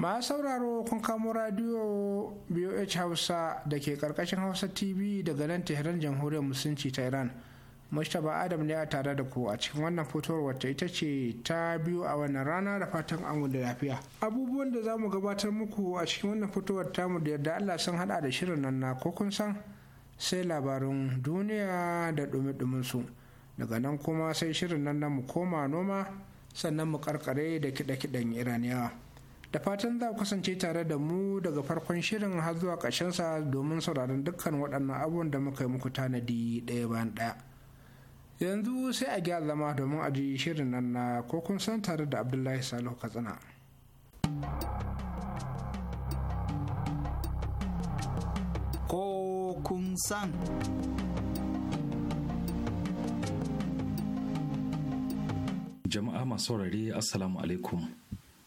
masu sauraro kun kamo radio boh hausa da ke karkashin hausa tv daga nan tehran jamhuriyar musulunci ta iran mustapha adam ne a tare da ku a cikin wannan fitowar wata ita ce ta biyu a wannan rana da fatan an da lafiya abubuwan da za mu gabatar muku a cikin wannan fitowar mu da yarda allah sun hada da shirin nan na ko kun san sai labarin duniya da dumi su daga nan kuma sai shirin nan na mu koma noma sannan mu karkare da kiɗe-kiɗen iraniyawa da fatan za ku kasance tare da mu daga farkon shirin har zuwa sa domin sauraron dukkan waɗannan abubuwan da muka yi muku tanadi ɗaya bayan ɗaya yanzu sai a gyara zama domin a ji shirin nan na ko kun san tare da abdullahi salihu katsina ko kun san jama'a masu rari assalamu alaikum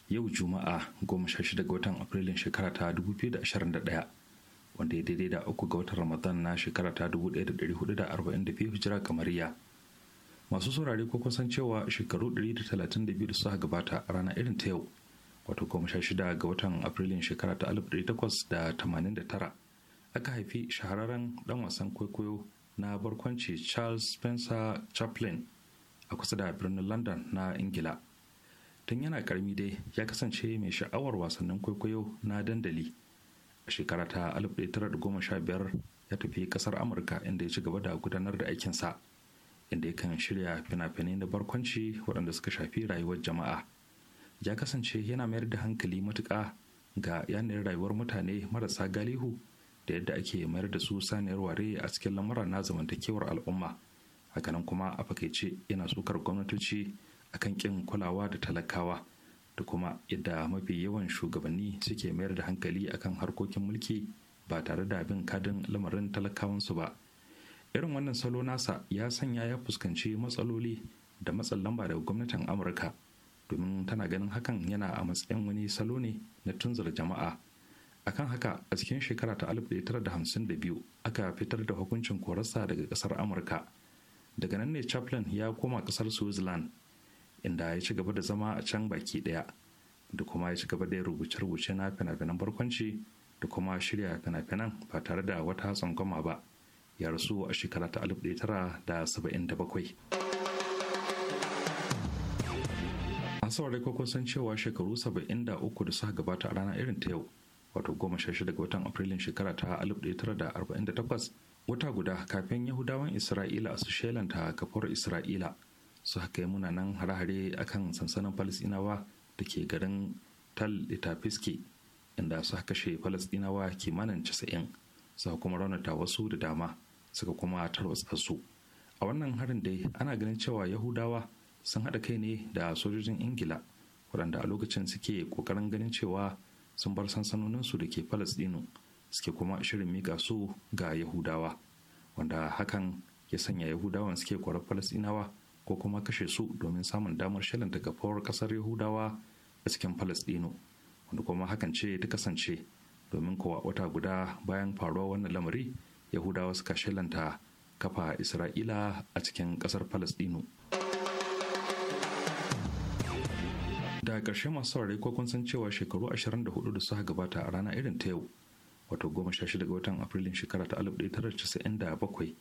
yau juma'a 16 ga watan afrilun shekara ta 2021 wanda ya daidai da uku ga watan ramadan na shekara ta 1442 hijira kamariya masu saurare ko kusan cewa shekaru 132 da suka gabata a ranar irin ta yau wato 16 ga watan afrilun shekara ta 1889 aka haifi shahararren dan wasan kwaikwayo na barkwanci charles spencer chaplin a kusa da birnin london na ingila tun yana karmi dai ya kasance mai sha'awar wasannin kwaikwayo na dandali a shekara ta 1915 ya tafi kasar amurka inda ya ci gaba da gudanar da aikinsa inda ya kan shirya fina-finai na barkwanci waɗanda suka shafi rayuwar jama'a ya kasance yana mayar da hankali matuƙa ga yanayin rayuwar mutane marasa galihu da yadda ake mayar da su saniyar ware a cikin lamura na zamantakewar al'umma hakanan kuma a fakaice yana sukar gwamnatoci akan kin kulawa da talakawa da kuma yadda mafi yawan shugabanni suke mayar da hankali akan harkokin mulki ba tare da bin kadin lamarin talakawansu ba irin wannan salo nasa ya sanya ya fuskanci matsaloli da matsin lamba daga gwamnatin amurka domin tana ganin hakan yana a matsayin wani salo ne na tunzar jama'a akan haka a cikin shekara ta 1952 aka fitar da hukuncin korarsa daga ƙasar amurka daga nan ne chaplin ya koma ƙasar switzerland inda ya ci gaba da zama a can baki ɗaya da kuma ya ci gaba da rubuce-rubuce na fina-finan barkwanci da kuma shirya fina-finan ba tare da wata tsangwama ba ya rasu a shekara ta 1977 an saurari kwakwa san cewa shekaru 73 da suka gabata a rana irin ta yau wato 16 ga watan afrilun shekara ta 1948 wata guda kafin yahudawan isra'ila su shelanta kafar isra'ila su haka munanan hare-hare akan sansanin falasɗinawa da ke garin tal itafiske inda su haka kashe falasɗinawa manan casa'in suka kuma raunata wasu da dama suka kuma tarwatsa su a wannan harin dai ana ganin cewa yahudawa sun haɗa kai ne da sojojin ingila waɗanda a lokacin suke ƙoƙarin ganin cewa sun bar sansanoninsu da ke falasɗinu suke kuma shirin mika su ga yahudawa wanda hakan ya sanya yahudawan suke kwarar falasɗinawa ko kuma kashe su domin samun damar shalanta kafawar kasar yahudawa a cikin palestino wanda kuma hakan ce ta kasance domin kowa wata guda bayan faruwa wannan lamari yahudawa suka shalanta kafa isra'ila a cikin kasar palestino da ƙarshe masu saurari ko kun san cewa shekaru 24 da suka gabata a rana irin ta yau wato 16 ga watan afrilun shekara ta 1997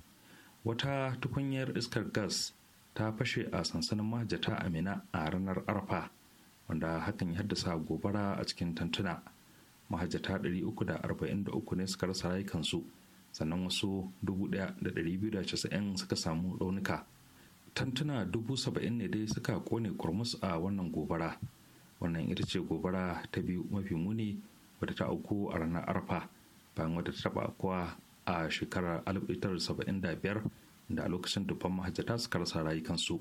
wata tukunyar iskar gas ta fashe a sansanin a amina a ranar arfa wanda hakan ya haddasa gobara a cikin tantuna mahajjata 343 ne suka rasa rayukansu sannan wasu 1,290 suka samu raunuka tantuna 70,000 ne dai suka kone kurmus a wannan gobara wannan ita ce gobara ta biyu mafi muni wadda ta auku a ranar arfa bayan wadda ta taba akwa a shekarar 1975 da a lokacin dubban mahajjata suka rasa rayukansu.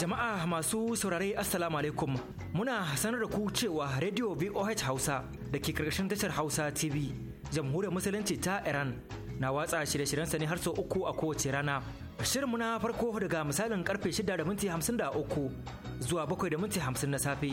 Jama'a masu saurare Assalamu alaikum muna sanar da ku cewa Radio VOH Hausa da ke karkashin tashar Hausa TV jamhuriyar musulunci ta Iran na watsa shirye-shiryensa ne har sau uku a kowace rana. Shirinmu na farko daga misalin karfe 6 da minti 53 zuwa 7 da minti 50 na safe.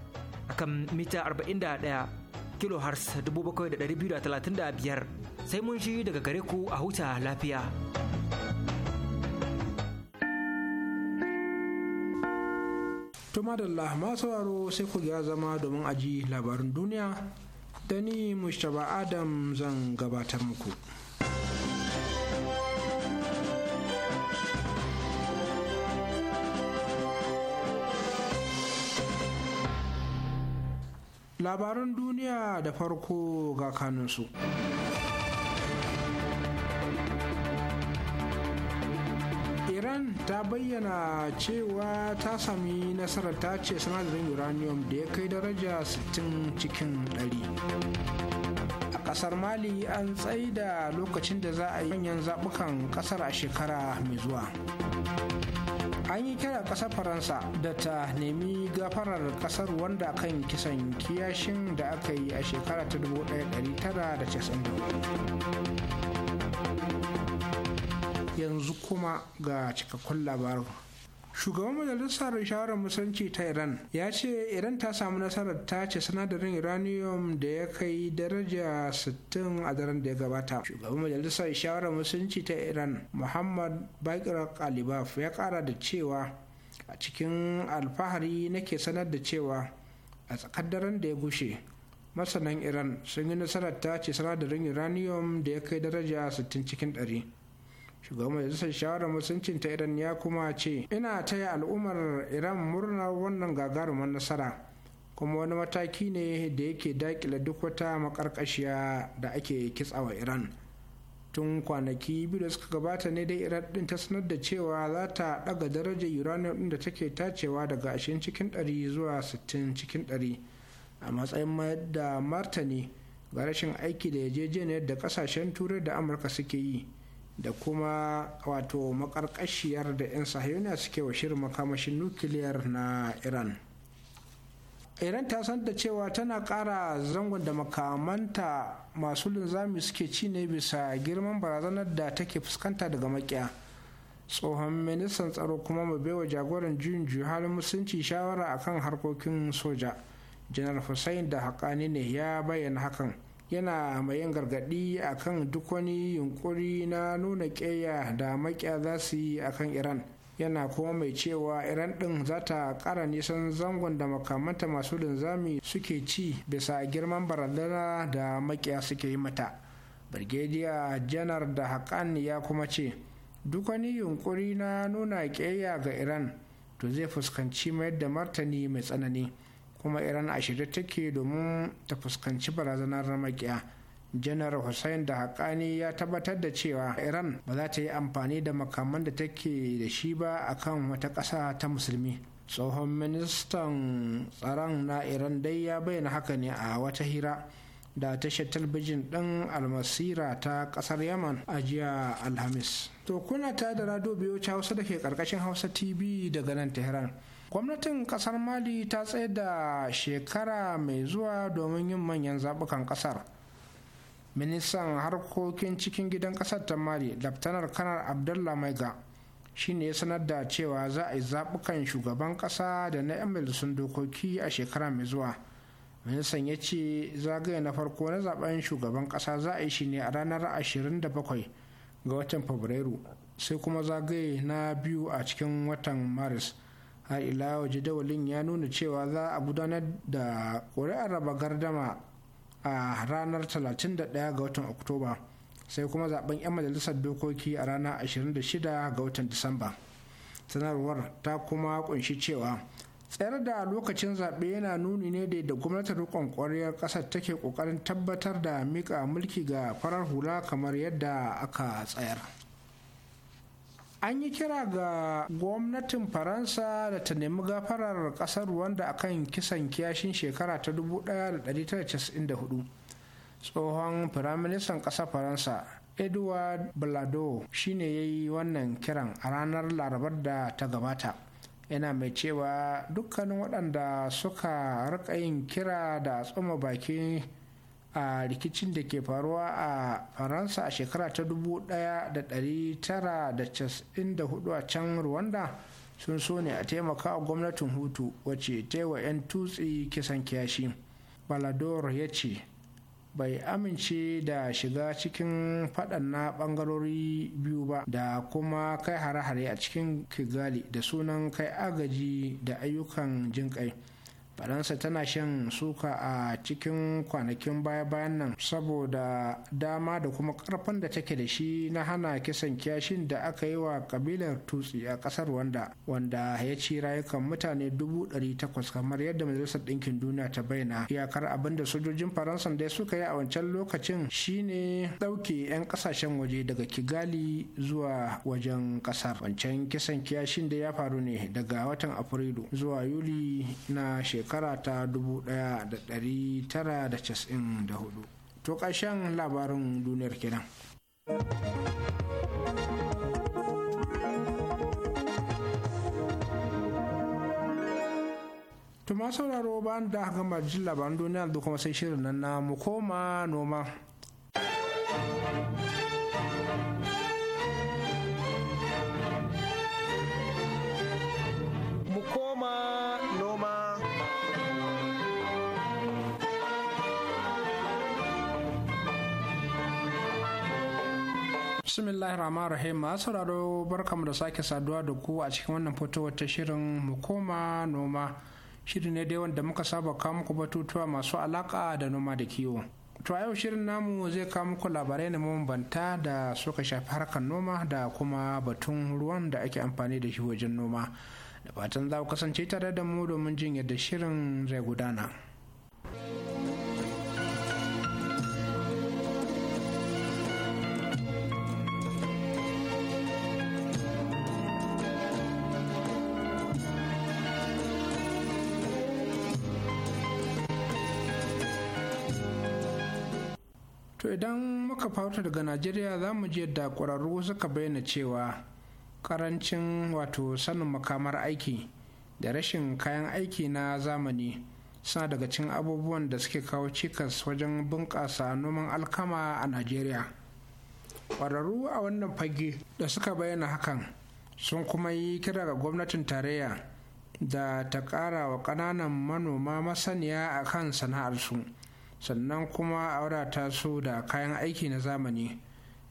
kan mita 41 kilohertz 7,235 sai mun shi daga gare ku a huta lafiya. Tumadalla masu sauraro sai ku ya zama domin aji labarin duniya da ni Mustapha Adam zan gabatar muku. labaran duniya da farko ga kanunsu. iran ta bayyana cewa ta sami nasarar ta ce sinadarin uranium da ya kai daraja 60 cikin 100 a kasar mali an tsaida lokacin da za a yi manyan zabukan kasar a shekara mai zuwa an yi kira kasar faransa da ta nemi gafarar kasar wanda kan kisan kiyashin da aka yi a shekara ta 1990 yanzu kuma ga cikakkun labarin shugaban majalisar shawarar musanci ta iran ya ce iran ta samu nasarar ta ce sinadarin uranium da ya kai daraja 60 a daren da ya gabata shugaban majalisar shawarar musanci ta iran muhammad bakir alibaf ya kara da cewa a cikin alfahari nake sanar da cewa a tsakar daren da ya gushe masanan iran sun yi nasarar ta ce sinadarin uranium da ya kai daraja 60 cikin 100 shugaban majalisar shawarar musuncin ta iran ya kuma ce ina ta yi al'ummar iran murnar wannan gagarumar nasara kuma wani mataki ne da yake dakila duk wata makarkashiya da ake kitsawa iran tun kwanaki biyu da suka gabata ne dai iran din ta sanar da cewa za ta daga darajar uranium din da take tacewa daga 20 cikin 100 zuwa 60 cikin 100 a matsayin da martani ga rashin aiki da yajejeniyar da kasashen turai da amurka suke yi da kuma wato makarkashiyar da 'yan sahiyoniya suke wa shirin makamashin nukiliyar na iran iran ta san da cewa tana kara zangon da makamanta masu linzami suke ci ne bisa girman barazanar da take fuskanta daga makiya tsohon ministan tsaro kuma mu baiwa jagoran juyin halin musulunci shawara akan harkokin soja janar hussain da haƙani ne ya bayyana hakan yana mai yin gargaɗi a kan duk wani yunkuri na nuna ƙeya da maƙiya za su yi a kan iran yana kuma mai cewa iran ɗin za ta ƙara nisan zangon da makamanta masu linzami suke ci bisa girman barazana da maƙiya suke yi mata birgediya janar da haƙan ya kuma ce duk wani yunkuri na nuna ƙeya ga iran to zai fuskanci mayar da martani mai tsanani kuma iran a shirye take domin ta fuskanci barazanar ramakiya janar Hussain da haƙani ya tabbatar da cewa iran ba za ta yi amfani da makaman da take da shi ba akan wata ƙasa ta musulmi tsohon ministan tsaron na iran dai ya bayyana haka ne a wata hira da tashar talbijin ɗin almasira ta ƙasar yaman a jiya alhamis to kuna ta da rado biyo hausa da ke ƙarƙashin hausa tv daga nan tehran gwamnatin kasar mali ta tsaye da shekara mai zuwa domin yin manyan zaɓukan kasar ministan harkokin cikin gidan kasar ta mali laftanar kanar abdullah maiga shine ya sanar da cewa za a yi zaɓukan shugaban ƙasa da na 'yan majalisun dokoki a shekara mai zuwa ministan ya ce zagaye na farko na zaben shugaban ƙasa za a yi shi ne a ranar 27 ga watan fabrairu sai kuma zagaye na biyu a cikin watan maris har ila jadawalin ya nuna cewa za a gudanar da ƙuri'ar raba gardama a ranar 31 ga watan oktoba sai kuma zaben 'yan majalisar dokoki a ranar 26 ga watan disamba sanarwar ta kuma kunshi cewa tsayar da lokacin zaɓe yana nuni ne da da gwamnatin rikon ƙwarriyar ƙasar take ƙoƙarin tabbatar da miƙa mulki ga farar hula kamar yadda aka tsayar. an yi kira ga gwamnatin faransa da ta nemi gafarar kasar a kan kisan kiyashin shekara ta 1994 tsohon firaministan ƙasar faransa edward blado shine ya yi wannan kiran a ranar larabar da ta gabata yana mai cewa dukkanin waɗanda suka rika yin kira da tsoma bakin a rikicin da ke faruwa a faransa a shekara ta 1994 a can rwanda sun so ne a taimaka wa gwamnatin hutu wacce ta yi wa 'yan tutsi kisan kiyashi balador ya ce bai amince da shiga cikin faɗan na ɓangarori biyu ba da kuma kai hare-hare a cikin kigali da sunan kai agaji da ayyukan jinƙai faransa tana shan suka a cikin kwanakin baya-bayan nan saboda dama da kuma karfin da take da shi na hana kisan kyashin da aka yi wa kabilar tutsi a kasar wanda wanda ya ci rayukan mutane dubu takwas kamar yadda majalisar ɗinkin duniya ta bayyana iyakar abin da sojojin faransa da suka yi a wancan lokacin shine ɗauke 'yan ƙasashen waje daga kigali zuwa wajen ƙasar wancan kisan kyashin da ya faru ne daga watan afrilu zuwa yuli na shekaru shekara ta 1994 to ƙarshen labarin duniyar kenan. Tuma sauraro bayan da gama jin labaran duniya da kuma sai shirin nan na mu koma noma. bismillahir rahmanir rahim ma sauraro barkamu da sake saduwa da ku a cikin wannan fitowar ta shirin mu koma noma shiri ne dai wanda muka saba kawo muku batutuwa masu alaka da noma da kiwo to yau shirin namu zai kawo muku labarai na mabambanta da suka shafi harkar noma da kuma batun ruwan da ake amfani da shi wajen noma da fatan za ku kasance tare da mu domin jin yadda shirin zai gudana. idan muka fauta daga najeriya za mu je da ƙwararru suka bayyana cewa ƙarancin wato sanin makamar aiki da rashin kayan aiki na zamani suna daga cikin abubuwan da suke kawo cikas wajen bunƙasa noman alkama a najeriya ƙwararru a wannan fage da suka bayyana hakan sun kuma yi kira ga gwamnatin tarayya da ta ƙara wa ƙananan manoma masaniya a kan sana'arsu. sannan kuma a wadata su da kayan aiki na zamani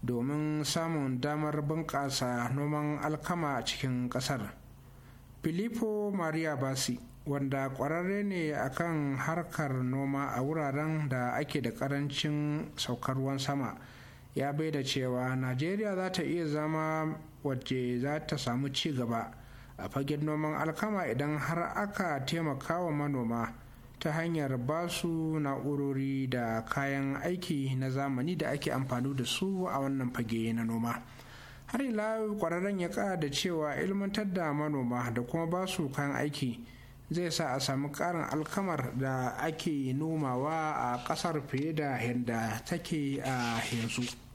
domin samun damar bunƙasa noman alkama a cikin ƙasar filippo maria basi wanda ƙwararre ne akan harkar noma a wuraren da ake da ƙarancin saukar ruwan sama ya bai da cewa najeriya za ta iya zama wacce za ta samu ci gaba a fagen noman alkama idan har aka taimaka wa manoma ta hanyar ba su na'urori da kayan aiki na zamani da ake amfani da su a wannan fage na noma har ila kwararren ya ƙara da cewa ilmantar da manoma da kuma ba su kayan aiki zai sa a sami ƙarin alkamar da ake nomawa a ƙasar fiye da yadda take a yanzu.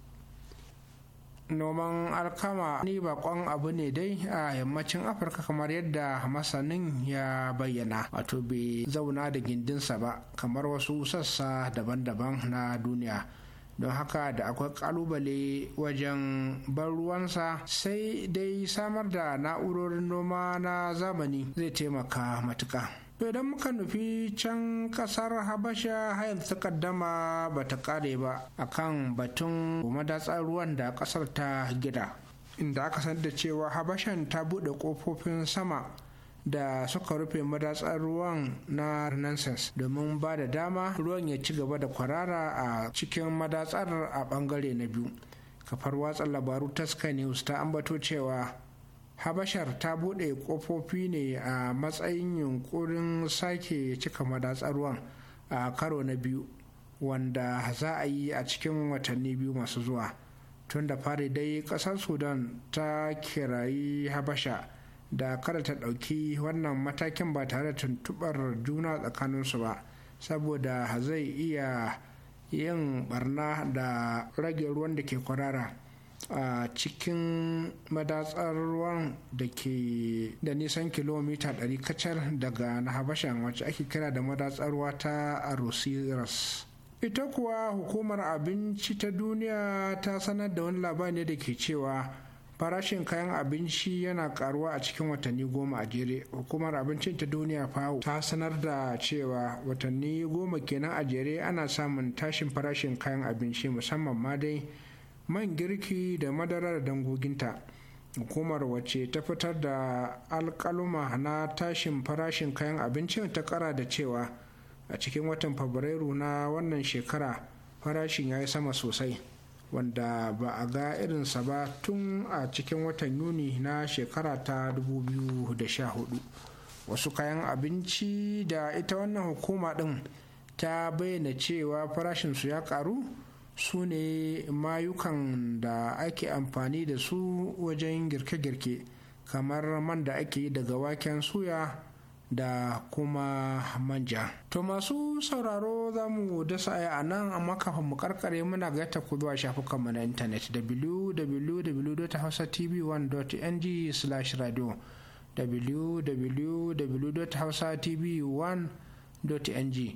noman alkama ni bakon abu ne dai a yammacin afirka kamar yadda masanin ya bayyana wato bai zauna da gindinsa ba kamar wasu sassa daban-daban na duniya don haka da akwai kalubale wajen ban ruwansa sai dai samar da na'urorin noma na zamani zai taimaka matuka. to idan muka nufi can kasar habasha hayar kaddama ba ta kare ba kan batun madatsar ruwan da kasar ta gida inda aka san da cewa habashan ta buɗe ƙofofin sama da suka rufe madatsar ruwan na renaissance domin ba da dama ruwan ya ci gaba da kwarara a cikin madatsar a bangare na biyu kafar watsa labaru taska news ta ambato cewa habashar ta buɗe ƙofofi ne a matsayin yunkurin sake cika madatsar ruwan a karo na biyu wanda za a yi a cikin watanni biyu masu zuwa tun da fari dai ƙasar sudan ta kirayi habasha da kada ta ɗauki wannan matakin ba tare da tuntuɓar juna tsakaninsu ba saboda zai iya yin barna da rage ruwan da ke kwarara a cikin madatsar da ke da nisan kilomita 100 kacal daga na habashan wacce ake kira da madatsarwa ta arosiras ita kuwa hukumar abinci ta duniya ta sanar da wani labari ne da ke cewa farashin kayan abinci yana karuwa a cikin watanni goma a jere hukumar abincin ta duniya fawo ta sanar da cewa watanni goma kenan a jere ana samun tashin farashin kayan abinci musamman ma dai man girki da madarar dangoginta hukumar wace ta fitar da alkaluma na tashin farashin kayan abincin ta kara da cewa a cikin watan fabrairu na wannan shekara farashin ya yi sama sosai wanda ba a ga irinsa ba tun a cikin watan yuni na shekara ta 2014 wasu kayan abinci da ita wannan hukuma din ta bayyana cewa farashinsu ya karu su ne mayukan da ake amfani da su wajen girke-girke kamar man da ake yi daga waken suya da kuma manja. To masu sauraro za mu dasa aya a nan amma kafin mu karkare muna gaita ku zuwa shafukanmu na intanet www.hausatv1.ng/radio www.hausatv1.ng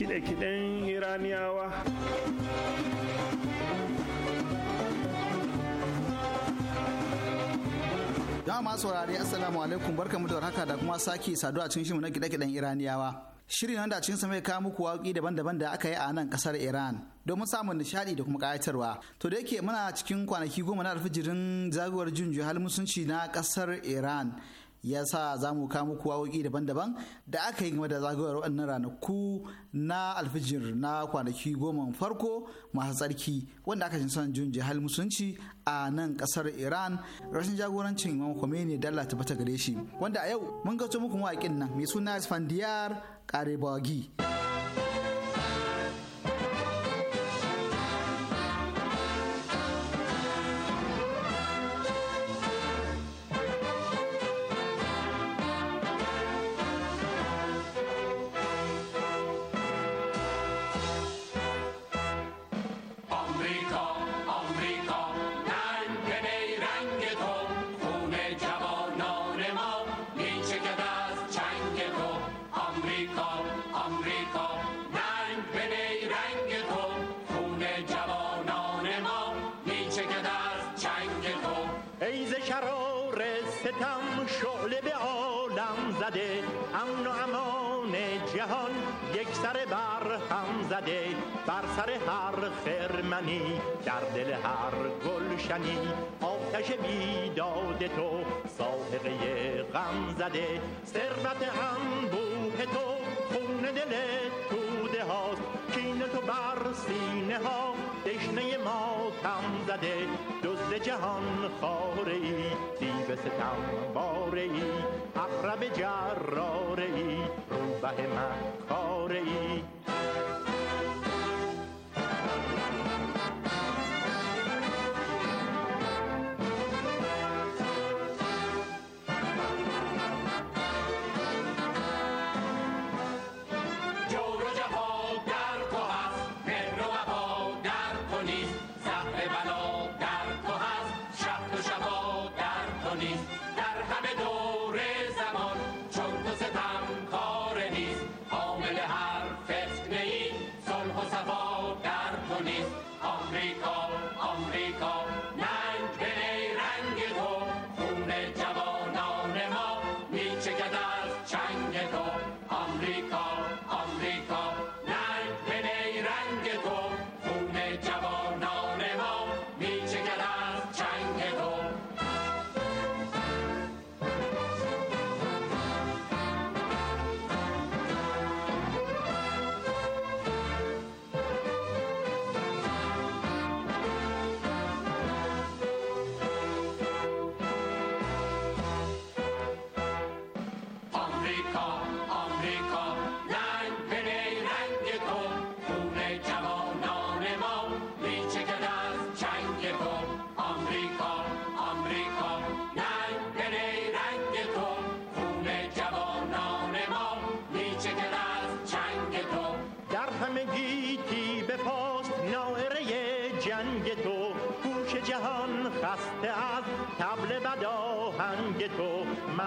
kide-kiden iraniyawa dama saurari assalamu alaikum barkamu da warhaka da kuma sake saduwa cikin shirin na kide-kiden iraniyawa shirin wanda cikin sa mai kawo muku waƙi daban-daban da aka yi a nan ƙasar Iran domin samun nishaɗi da kuma kayatarwa, To da yake muna cikin kwanaki goma na alfijirin zagawar jin juhal musunci na ƙasar Iran ya sa za mu kawo muku waƙoƙi daban-daban da aka yi game da zagayowar waɗannan ranaku na alfijir na kwanaki goma farko masu tsarki wanda aka son jin jihar musulunci a nan ƙasar iran rashin jagorancin imam khomeini da allah tabbata gare shi wanda a yau mun gato muku mawaƙin nan mai suna isfandiyar karebagi. زده بر سر هر خرمنی در دل هر گلشنی آتش بیداد تو ساحقه غم زده ثروت انبوه تو خون دل توده هاست کین تو بر سینه ها دشنه ما تم زده دزد جهان خاره ای دیو ستم باره ای اقرب جراره ای روبه مکاره ای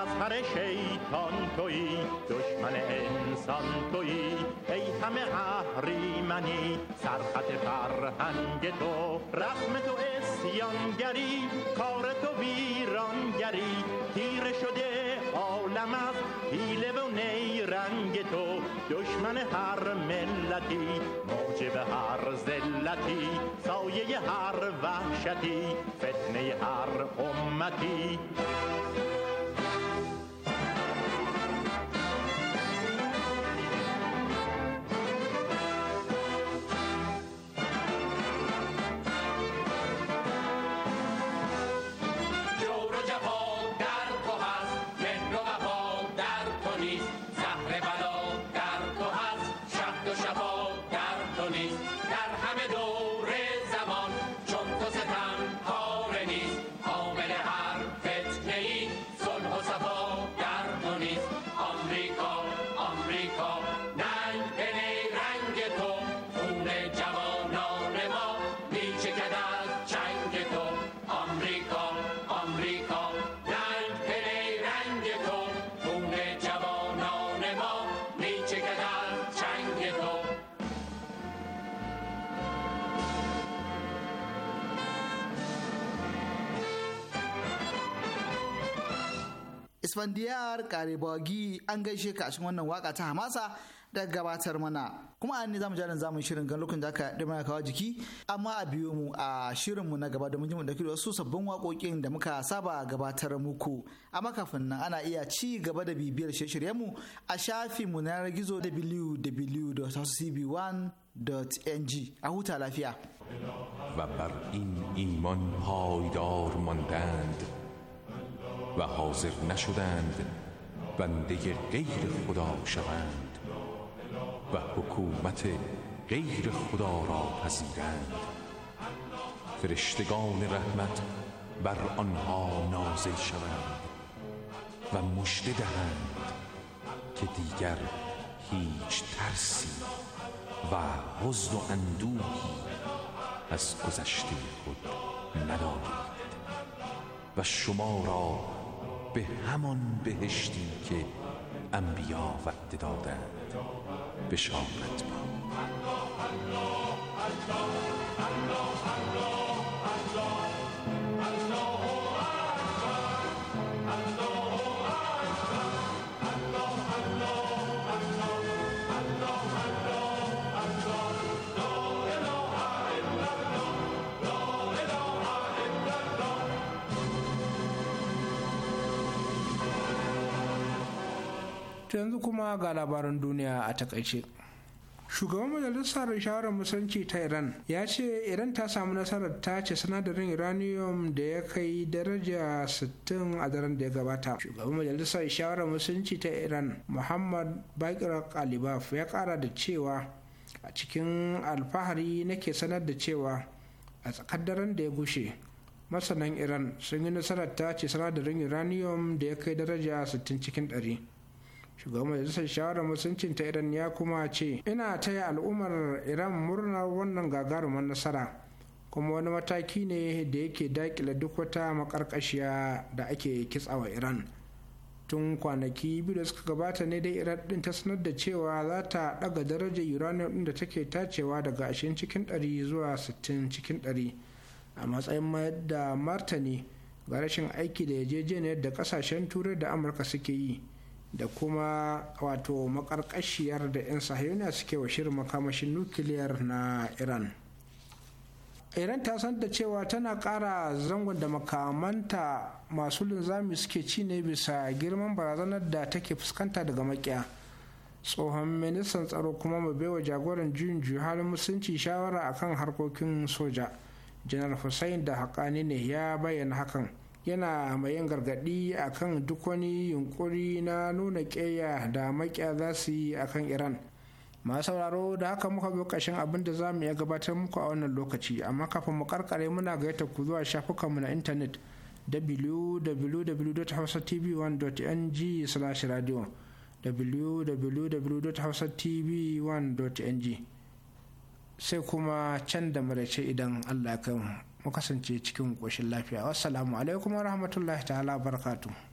مظهر شیطان تویی دشمن انسان تویی ای همه اهریمنی سرخط فرهنگ تو رسم تو اسیانگری کار تو ویرانگری تیر شده عالم از هیله و نیرنگ تو دشمن هر ملتی موجب هر زلتی سایه هر وحشتی فتنه هر امتی isfandiyar karebagi an gaishe ka a cikin wannan waka ta hamasa da gabatar mana kuma an ne zamu jarin zamu shirin gan lokacin da aka dimar kawo jiki amma a biyo mu a shirin mu na gaba domin jin mu dauki wasu sabbin waƙoƙin da muka saba gabatar muku amma kafin nan ana iya ci gaba da bibiyar shirye mu a shafin mu na gizo www.cb1.ng a huta lafiya. Babbar in این ایمان پایدار و حاضر نشدند بنده غیر خدا شوند و حکومت غیر خدا را پذیرند فرشتگان رحمت بر آنها نازل شوند و مژده دهند که دیگر هیچ ترسی و حزن و اندوهی از گذشته خود ندارید و شما را به همان بهشتی که انبیا وعده دادند بشارت ما kuma ga labaran duniya a takaice. shugaban majalisar shawarar musulunci ta iran ya ce iran ta samu nasarar ta ce sinadarin uranium da ya kai daraja 60 a daren da ya gabata shugaban majalisar shawarar musulunci ta iran muhammad bakir kalibaf ya kara da cewa a cikin alfahari nake sanar da cewa a tsakar daren da ya gushe masanan iran sun yi nasarar ta ce sinadarin uranium da ya kai daraja 60 cikin 100 shugaban majalisar shawarar musuncin ta iran ya kuma ce ina ta yi al'ummar iran murnar wannan gagarumar nasara kuma wani mataki ne da yake dakila duk wata makarkashiya da ake kitsawa iran tun kwanaki biyu da suka gabata ne dai iran din ta sanar da cewa za ta daga darajar uranium din da take tacewa daga 20 cikin 100 zuwa 60 cikin 100 a matsayin mayar da martani ga rashin aiki da yajejeniyar da kasashen turai da amurka suke yi da kuma wato makarkashiyar da 'yan sahiyoniya suke wa shirin makamashin nukiliyar na iran iran ta san da cewa tana kara zangon da makamanta masu linzami suke ci ne bisa girman barazanar da take fuskanta daga makiya tsohon ministan tsaro kuma mu baiwa jagoran juyin halin musulunci shawara akan harkokin soja janar hussain da haƙani ne ya bayyana hakan yana mai yin gargaɗi a kan duk wani yunkuri na nuna ƙeya da maƙiya za su yi a kan iran masu sauraro da haka muka bi ƙashin abin da za mu iya gabatar muku a wannan lokaci amma kafin mu karkare muna gaita ku zuwa shafukanmu na intanet www.hausatv1.ng/radio www.hausatv1.ng sai kuma can da marace idan allah mu. mu kasance cikin ƙoshin lafiya wassalamu alaikum wa rahmatullahi ta'ala barakatuh